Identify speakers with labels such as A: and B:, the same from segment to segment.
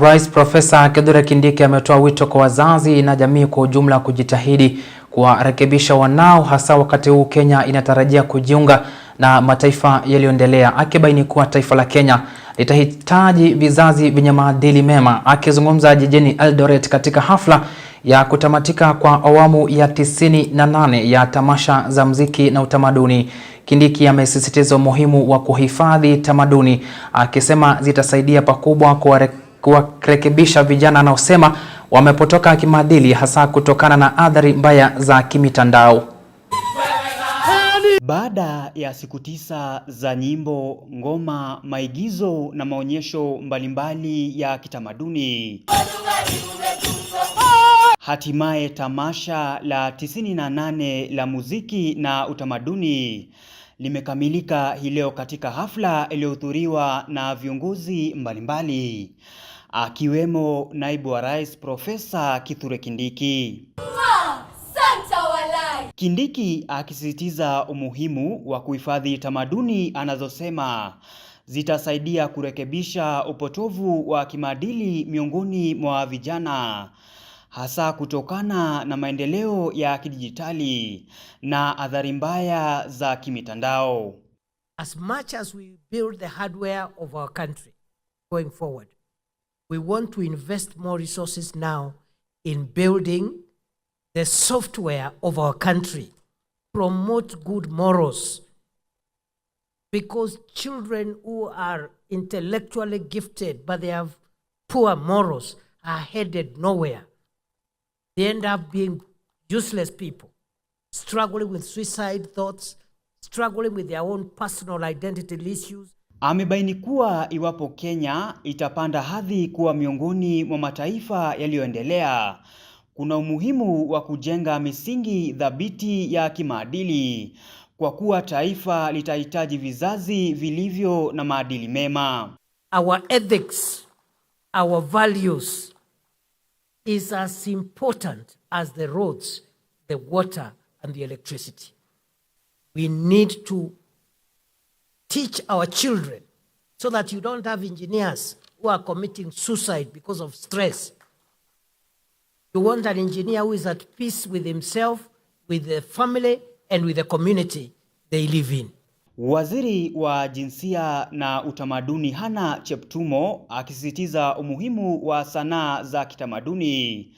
A: Rais Profesa Kithure Kindiki ametoa wito kwa wazazi na jamii kwa ujumla kujitahidi kuwarekebisha wanao hasa wakati huu Kenya inatarajia kujiunga na mataifa yaliyoendelea, akibaini kuwa taifa la Kenya litahitaji vizazi vyenye maadili mema. Akizungumza jijini Eldoret katika hafla ya kutamatika kwa awamu ya tisini na nane ya tamasha za mziki na utamaduni, Kindiki amesisitiza umuhimu wa kuhifadhi tamaduni, akisema zitasaidia pakubwa kuware kuwarekebisha vijana wanaosema wamepotoka kimaadili hasa kutokana na athari mbaya za kimitandao.
B: Baada ya siku tisa za nyimbo, ngoma, maigizo na maonyesho mbalimbali ya kitamaduni, hatimaye tamasha la 98 la muziki na utamaduni limekamilika hii leo katika hafla iliyohudhuriwa na viongozi mbalimbali akiwemo naibu wa rais Profesa Kithure Kindiki. Kindiki akisisitiza umuhimu wa kuhifadhi tamaduni anazosema zitasaidia kurekebisha upotovu wa kimaadili miongoni mwa vijana hasa kutokana na maendeleo ya kidijitali na athari mbaya za kimitandao.
C: As much as we build the hardware of our country going forward, we want to invest more resources now in building the software of our country, promote good morals. Because children who are intellectually gifted but they have poor morals are headed nowhere. They end up being useless people, struggling with suicide thoughts, struggling with their own personal identity issues,
A: Amebaini kuwa iwapo Kenya itapanda hadhi kuwa miongoni mwa mataifa yaliyoendelea, kuna umuhimu wa kujenga misingi thabiti ya kimaadili kwa kuwa taifa litahitaji vizazi vilivyo na maadili mema.
C: Our ethics, our values is as important as the roads, the water and the electricity. We need to teach our children so that you don't have engineers who are committing suicide because of stress. You want an engineer who is at peace with himself, with the family, and with the community they live in.
A: Waziri wa Jinsia na Utamaduni Hana Cheptumo akisisitiza umuhimu wa sanaa za kitamaduni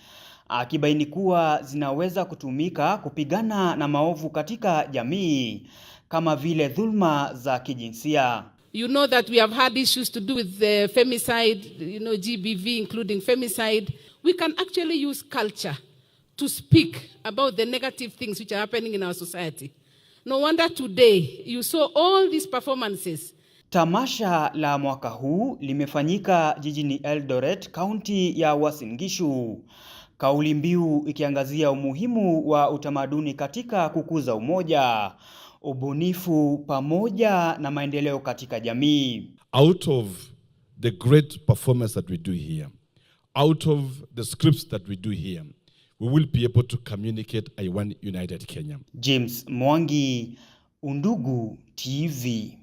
A: akibaini kuwa zinaweza kutumika kupigana na maovu katika jamii kama vile dhulma za kijinsia.
D: You know that we have had issues to do with the femicide, you know, GBV including femicide. We can actually use culture to speak about the negative things which are happening in our society. No wonder today you saw all these performances.
A: Tamasha la mwaka huu limefanyika jijini Eldoret, kaunti ya Uasin Gishu. Kauli mbiu ikiangazia umuhimu wa utamaduni katika kukuza umoja ubunifu pamoja na maendeleo katika jamii.
E: Out of the great performance that we do here, out of the scripts that we do here, we will be able to communicate I want united Kenya.
F: James Mwangi, Undugu TV.